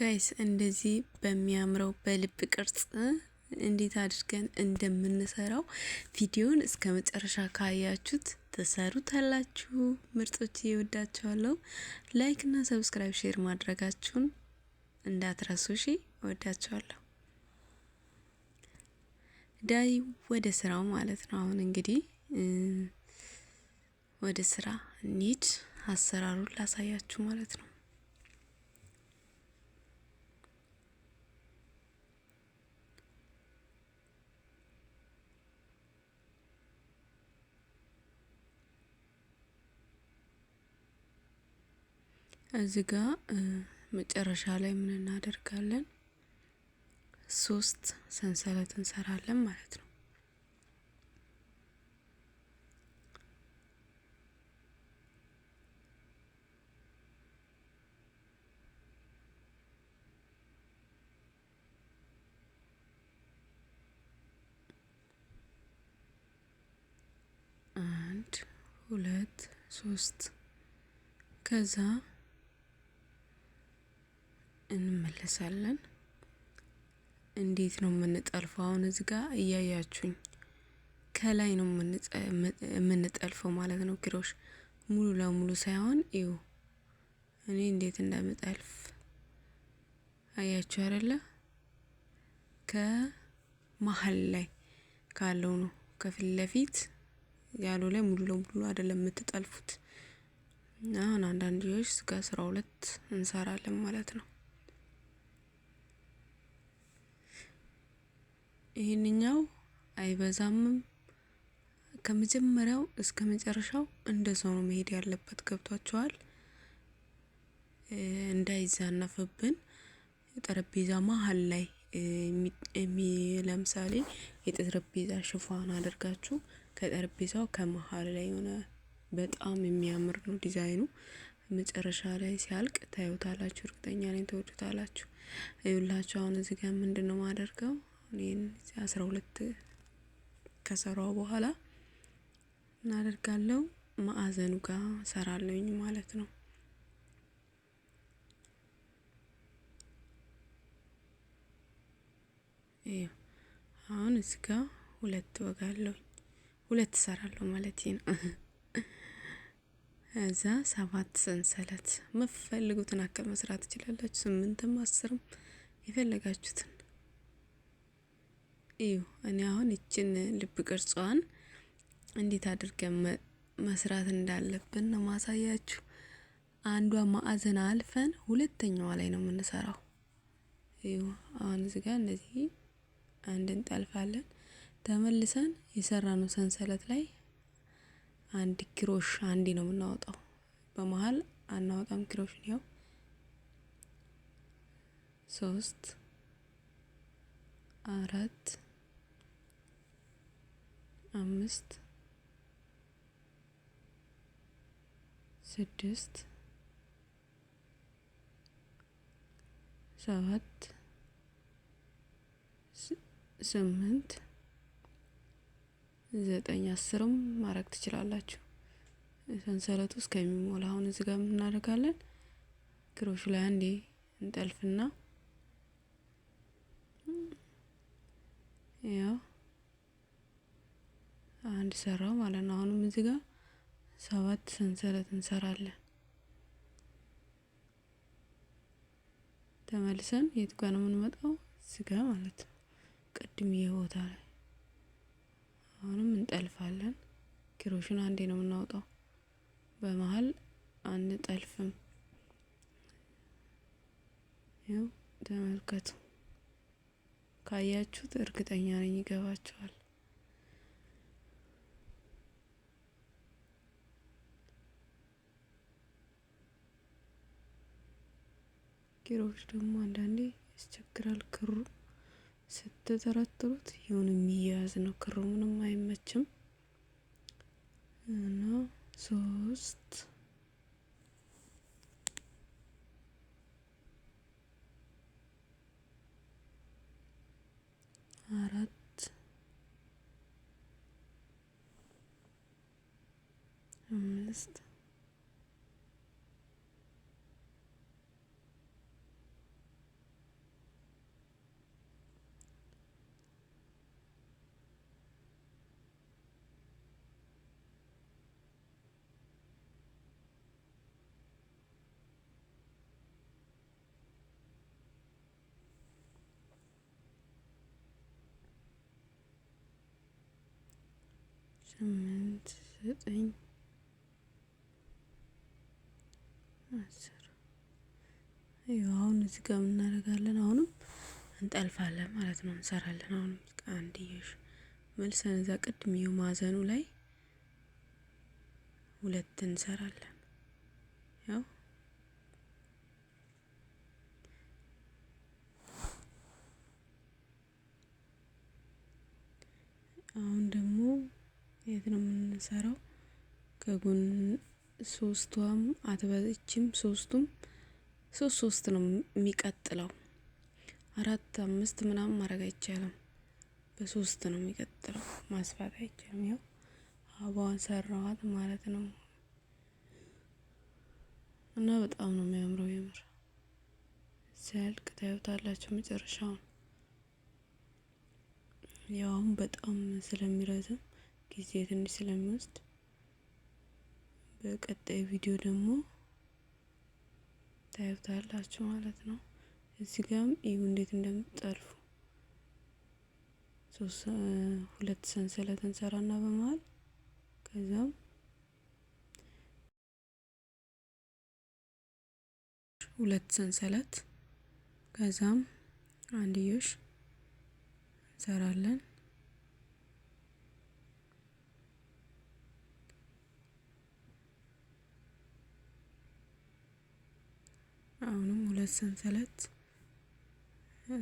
ጋይስ እንደዚህ በሚያምረው በልብ ቅርጽ እንዴት አድርገን እንደምንሰራው ቪዲዮን እስከ መጨረሻ ካያችሁት ተሰሩታላችሁ። ምርጦች እወዳችኋለሁ። ላይክ እና ሰብስክራይብ፣ ሼር ማድረጋችሁን እንዳትረሱ። ሺ እወዳችኋለሁ። ዳይ ወደ ስራው ማለት ነው። አሁን እንግዲህ ወደ ስራ እንሂድ፣ አሰራሩን ላሳያችሁ ማለት ነው። እዚህ ጋ መጨረሻ ላይ ምን እናደርጋለን? ሶስት ሰንሰለት እንሰራለን ማለት ነው። አንድ ሁለት ሶስት ከዛ እንመለሳለን። እንዴት ነው የምንጠልፈው? አሁን እዚህ ጋር እያያችሁኝ ከላይ ነው የምንጠልፈው ማለት ነው። ኪሮሽ ሙሉ ለሙሉ ሳይሆን ይሁ እኔ እንዴት እንደምጠልፍ አያችሁ አይደለ? ከመሀል ላይ ካለው ነው ከፊት ለፊት ያለው ላይ ሙሉ ለሙሉ አይደለም የምትጠልፉት። አሁን አንዳንድ ልጆች ስጋ ስራ ሁለት እንሰራለን ማለት ነው። ይህንኛው አይበዛምም ከመጀመሪያው እስከ መጨረሻው ሰው ነው መሄድ ያለበት። ገብቷቸዋል። እንዳይዛነፍብን ጠረጴዛ መሀል ላይ ለምሳሌ የጠረጴዛ ሽፋን አድርጋችሁ ከጠረጴዛው ከመሀል ላይ የሆነ በጣም የሚያምር ነው ዲዛይኑ። መጨረሻ ላይ ሲያልቅ ታዩታላችሁ። እርግጠኛ ነኝ ትወዱታላችሁ። ይሁላችሁ አሁን እዚህ ጋር ምንድን ነው ማደርገው እኔን አስራ ሁለት ከሰራው በኋላ እናደርጋለው ማዕዘኑ ጋር ሰራለኝ ማለት ነው። አሁን እዚህ ጋር ሁለት ወጋለሁ ሁለት ሰራለሁ ማለት ነው። እዛ ሰባት ሰንሰለት የምትፈልጉትን አክል መስራት ትችላላችሁ። ስምንትም አስርም የፈለጋችሁትን እዩ እኔ አሁን ይችን ልብ ቅርጿን እንዴት አድርገን መስራት እንዳለብን ነው ማሳያችሁ። አንዷ ማዕዘን አልፈን ሁለተኛዋ ላይ ነው የምንሰራው። እዩ አሁን እዚህ ጋር እንደዚህ አንድ እንጠልፋለን። ተመልሰን የሰራነው ሰንሰለት ላይ አንድ ክሮሽ አንዴ ነው የምናወጣው። በመሀል አናወጣም ክሮሽ ነው። ሶስት አራት አምስት ስድስት ሰባት ስምንት ዘጠኝ አስርም ማድረግ ትችላላችሁ። ሰንሰለቱ እስከሚሞላ አሁን እዚህ ጋር እናደርጋለን። ክሮሹ ላይ አንዴ እንጠልፍና ያው አንድ ሰራው ማለት ነው። አሁንም እዚህ ጋር ሰባት ሰንሰለት እንሰራለን። ተመልሰን የት ጋር ነው የምንመጣው? እዚህ ጋር ማለት ነው። ቅድም ይሄ ቦታ ላይ አሁንም እንጠልፋለን። ኪሮሽን አንዴ ነው የምናወጣው። በመሀል አንጠልፍም። ይኸው ተመልከቱ። ካያችሁት እርግጠኛ ነኝ ይገባችኋል። ኪሮች ደግሞ አንዳንዴ ያስቸግራል። ክሩ ስትተረትሩት የሆነ የሚያያዝ ነው። ክሩ ምንም አይመችም እና ሶስት አራት አምስት ስምንት ዘጠኝ አስር አሁን እዚህ ጋር እናደርጋለን። አሁንም እንጠልፋለን ማለት ነው እንሰራለን። አሁን አንድ እየሽ መልሰን እዛ ቅድም ይኸው ማዕዘኑ ላይ ሁለት እንሰራለን። ያው አሁን ደግሞ ቤት ነው የምንሰራው። ከጎን ሶስቷም አትበዝችም ሶስቱም ሶስት ሶስት ነው የሚቀጥለው። አራት አምስት ምናምን ማድረግ አይቻልም። በሶስት ነው የሚቀጥለው ማስፋት አይቻልም። ያው አበባዋን ሰራዋት ማለት ነው እና በጣም ነው የሚያምረው የምር ሲያልቅ ታዩታላችሁ መጨረሻውን። ያው አሁን በጣም ስለሚረዝም ጊዜ ትንሽ ስለሚወስድ በቀጣይ ቪዲዮ ደግሞ ታዩታላችሁ ማለት ነው። እዚህ ጋም ይሁ እንዴት እንደምትጠልፉ ሁለት ሰንሰለት እንሰራና በመሀል ከዛም ሁለት ሰንሰለት ከዛም አንድዮሽ እንሰራለን። አሁንም ሁለት ሰንሰለት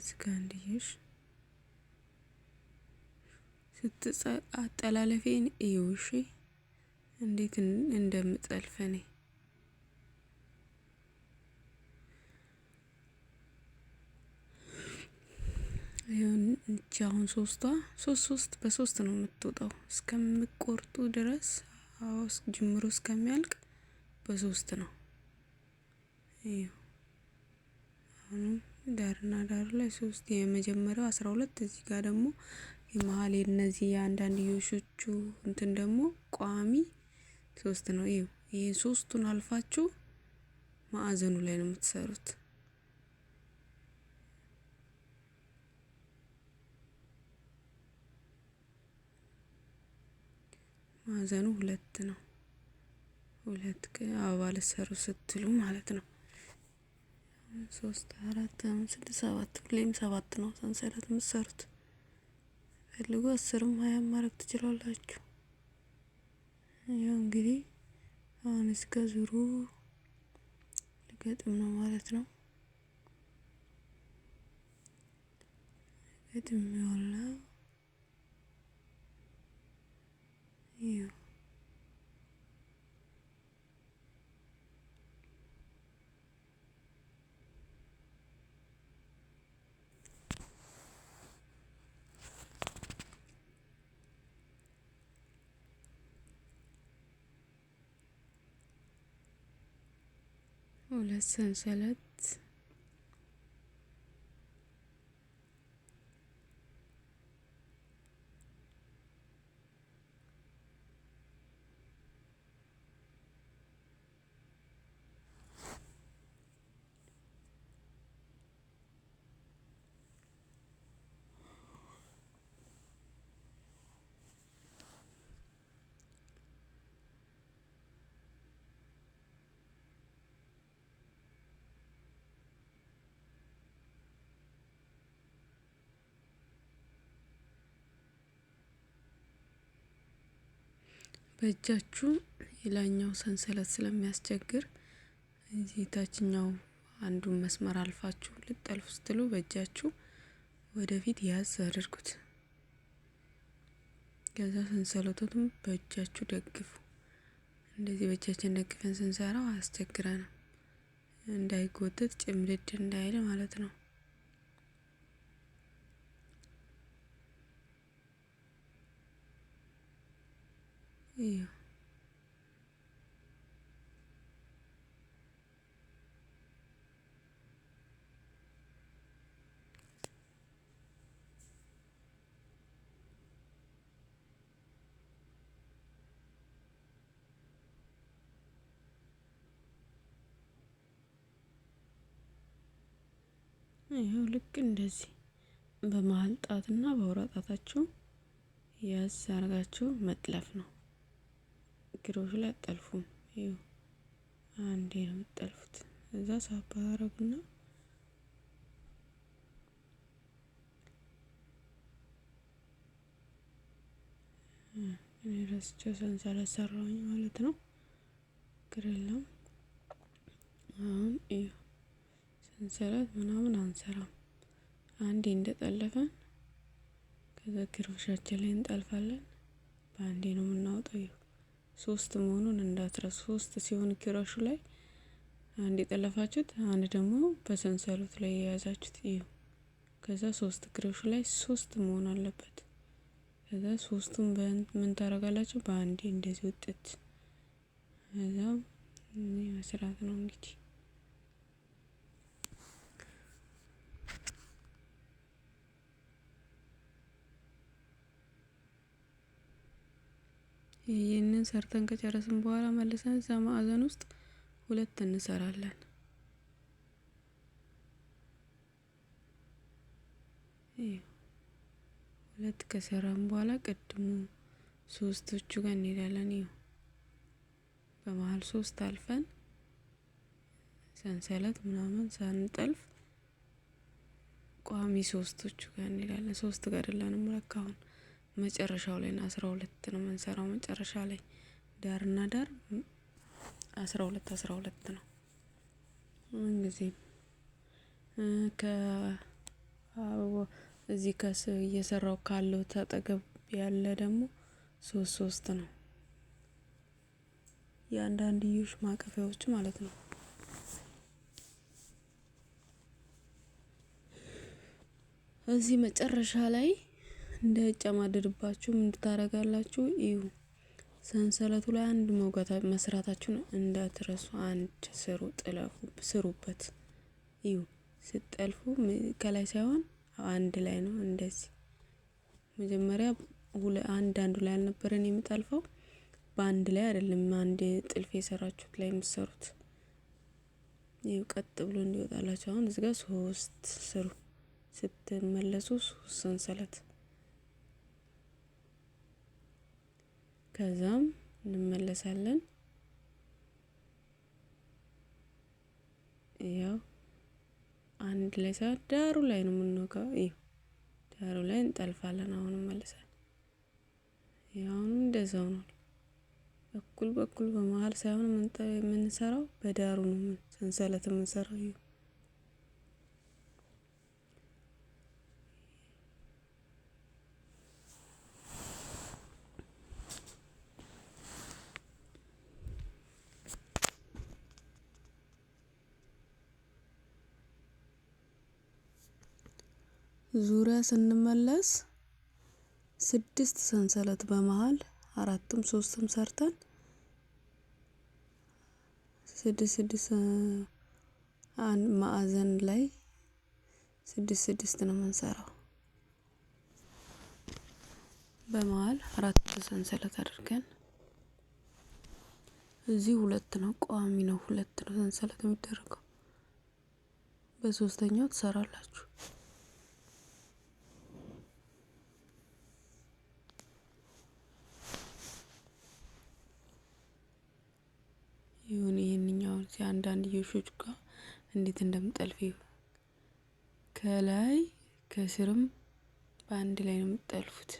እስከ አንድዬሽ ስትጸ አጠላለፌን እዩሽ እንዴት እንደምጠልፈኔ ይህች አሁን ሶስቷ ሶስት ሶስት በሶስት ነው የምትወጣው። እስከምቆርጡ ድረስ ጅምሮ እስከሚያልቅ በሶስት ነው። አሁንም ዳርና ዳር ላይ ሶስት የመጀመሪያው አስራ ሁለት እዚህ ጋር ደግሞ የመሀል የነዚህ የአንዳንድ ዮሾቹ እንትን ደግሞ ቋሚ ሶስት ነው። ይኸው ይህ ሶስቱን አልፋችሁ ማዕዘኑ ላይ ነው የምትሰሩት። ማዕዘኑ ሁለት ነው። ሁለት አበባ ልትሰሩ ስትሉ ማለት ነው። ሶስት አራት አምስት ሰባት ሁሌም ሰባት ነው ሰንሰለት የምትሰሩት ፈልጉ። አስርም ሀያም ማድረግ ትችላላችሁ። ያው እንግዲህ አሁን እስከ ዙሩ ልገጥም ነው ማለት ነው። ልገጥም ይሆናል ይኸው ولا السنسلت በእጃችሁ የላኛው ሰንሰለት ስለሚያስቸግር እዚህ ታችኛው አንዱን መስመር አልፋችሁ ልጠልፍ ስትሉ በእጃችሁ ወደፊት ያዝ አድርጉት። ከዛ ሰንሰለቱን በእጃችሁ ደግፉ። እንደዚህ በእጃችን ደግፈን ስንሰራው አያስቸግረንም፣ እንዳይጎተት ጭምድድ እንዳይል ማለት ነው። ይኸው ልክ እንደዚህ በመሀል ጣትና በአውራ ጣታችሁ ያዝ አርጋችሁ መጥለፍ ነው። ችግሮች ላይ አጠልፉም። ይኸው አንዴ ነው የምጠልፉት። እዛ ሳባ አረጉና ረስቸው ሰንሰለት ሰራሁኝ ማለት ነው። ችግር የለም። አሁን ይኸው ሰንሰለት ምናምን አንሰራም። አንዴ እንደጠለፈን ከዛ ላይ እንጠልፋለን። በአንዴ ነው የምናወጣው። ሶስት መሆኑን እንዳትረሱ። ሶስት ሲሆን ኪራሹ ላይ አንድ የጠለፋችሁት አንድ ደግሞ በሰንሰሉት ላይ የያዛችሁት እዩ። ከዛ ሶስት ክሮሹ ላይ ሶስት መሆን አለበት። ከዛ ሶስቱን ምን ታረጋላችሁ? በአንዴ እንደዚህ ውጥት ከዛ መስራት ነው እንግዲህ ይህንን ሰርተን ከጨረስን በኋላ መልሰን እዛ ማዕዘን ውስጥ ሁለት እንሰራለን። ሁለት ከሰራን በኋላ ቅድሙ ሶስቶቹ ጋር እንሄዳለን። ይሁ በመሀል ሶስት አልፈን ሰንሰለት ምናምን ሳንጠልፍ ቋሚ ሶስቶቹ ጋር እንሄዳለን። ሶስት ጋር ደላንም ለካሁን መጨረሻው ላይ ና አስራ ሁለት ነው የምንሰራው። መጨረሻ ላይ ዳር ና ዳር አስራ ሁለት አስራ ሁለት ነው ምን ምንጊዜም ከአበባ እዚህ ከስ እየሰራው ካለው ተጠገብ ያለ ደግሞ ሶስት ሶስት ነው የአንዳንድ ዩሽ ማቀፊያዎች ማለት ነው። እዚህ መጨረሻ ላይ እንዳይጨማደድባችሁ እንድታረጋላችሁ እዩ ሰንሰለቱ ላይ አንድ መውጋት መስራታችሁን እንዳትረሱ። አንድ ስሩ ጥለፉ ስሩበት። እዩ ስጠልፉ ከላይ ሳይሆን አንድ ላይ ነው። እንደዚህ መጀመሪያ አንድ አንዱ ላይ አልነበረን የምጠልፈው በአንድ ላይ አይደለም። አንድ ጥልፍ የሰራችሁት ላይ የምትሰሩት ይህ ቀጥ ብሎ እንዲወጣላችሁ። አሁን እዚህ ጋር ሶስት ስሩ ስትመለሱ ሶስት ሰንሰለት ከዛም እንመለሳለን። ያው አንድ ላይ ሳይሆን ዳሩ ላይ ነው የምንወጋው። ይኸው ዳሩ ላይ እንጠልፋለን። አሁን እንመለሳለን። አሁንም እንደዛው ነው። በኩል በኩል በመሀል ሳይሆን የምንሰራው በዳሩ ነው፣ ሰንሰለት የምንሰራው ዙሪያ ስንመለስ ስድስት ሰንሰለት በመሃል አራትም ሶስትም ሰርተን ስድስት ስድስት አንድ ማዕዘን ላይ ስድስት ስድስት ነው የምንሰራው። በመሃል አራት ሰንሰለት አድርገን እዚህ ሁለት ነው ቋሚ ነው ሁለት ነው ሰንሰለት የሚደረገው። በሶስተኛው ትሰራላችሁ። የሆነ ይህንኛውን አንዳንድ ዮሾች ጋር እንዴት እንደምጠልፍ ከላይ ከስርም በአንድ ላይ ነው የምትጠልፉት።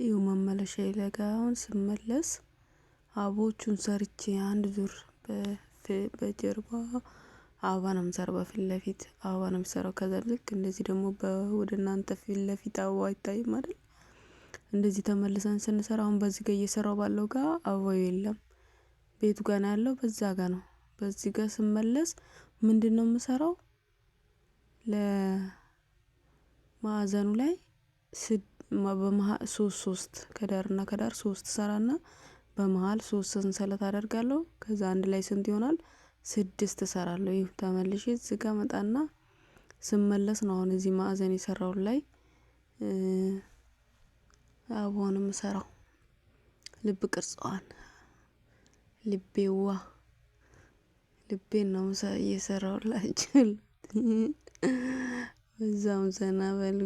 ይህ መመለሻ ይለጋውን አሁን ስመለስ አበቦቹን ሰርቼ አንድ ዙር በጀርባ አበባ ነው የምሰራው። በፊት ለፊት አበባ ነው የምሰራው። ከዛ ልክ እንደዚህ ደግሞ ወደ እናንተ ፊት ለፊት አበባ አይታይም አይደል? እንደዚህ ተመልሰን ስንሰራ አሁን በዚህ ጋር እየሰራው ባለው ጋር አበባው የለም። ቤቱ ጋር ነው ያለው። በዛ ጋር ነው። በዚህ ጋር ስመለስ ምንድን ነው የምሰራው? ለማዕዘኑ ላይ ስድ ሶስት ሶስት ከዳርና ከዳር ሶስት ሰራና በመሃል ሶስት ሰንሰለት አደርጋለሁ። ከዛ አንድ ላይ ስንት ይሆናል? ስድስት ሰራለሁ ይህ ተመልሼ እዚህ ጋር መጣና ስመለስ ነው አሁን እዚህ ማዕዘን የሰራውን ላይ አቦን ሰራው ልብ ቅርጽዋን ልቤዋ ልቤ ነው እየሰራሁላችሁ በዛም ዘና በሉ።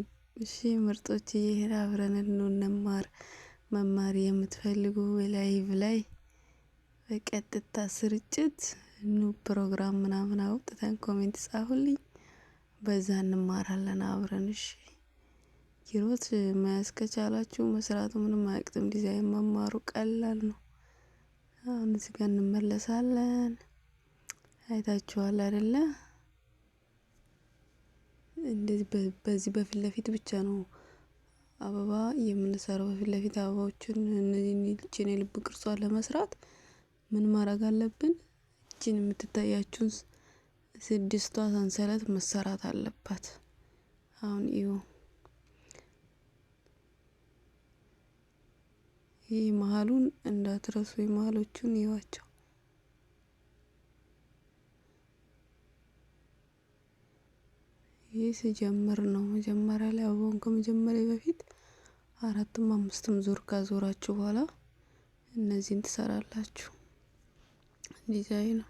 እሺ ምርጦች ይሄን አብረን እንማር መማር የምትፈልጉ ላይቭ ላይ በቀጥታ ስርጭት ኑ ፕሮግራም ምናምን አውጥተን ኮሜንት ጻፉልኝ። በዛ እንማራለን አብረን። እሺ ኪሮት መያዝ ከቻላችሁ መስራቱ ምንም አያቅትም። ዲዛይን መማሩ ቀላል ነው። አሁን እዚህ ጋር እንመለሳለን። አይታችኋል አይደለ? እንደዚህ በዚህ በፊት ለፊት ብቻ ነው አበባ የምንሰራው። በፊት ለፊት አበባዎችን እነዚህን ይቺን የልብ ቅርጿን ለመስራት ምን ማድረግ አለብን? እችን የምትታያችሁን ስድስቷ ሰንሰለት መሰራት አለባት። አሁን ይሁ ይህ መሀሉን እንዳትረሱ፣ መሀሎቹን ይዋቸው። ይህ ስጀምር ነው። መጀመሪያ ላይ አበባውን ከመጀመሪያ በፊት አራትም አምስትም ዙር ካዞራችሁ በኋላ እነዚህን ትሰራላችሁ። ነው።